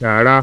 在哪？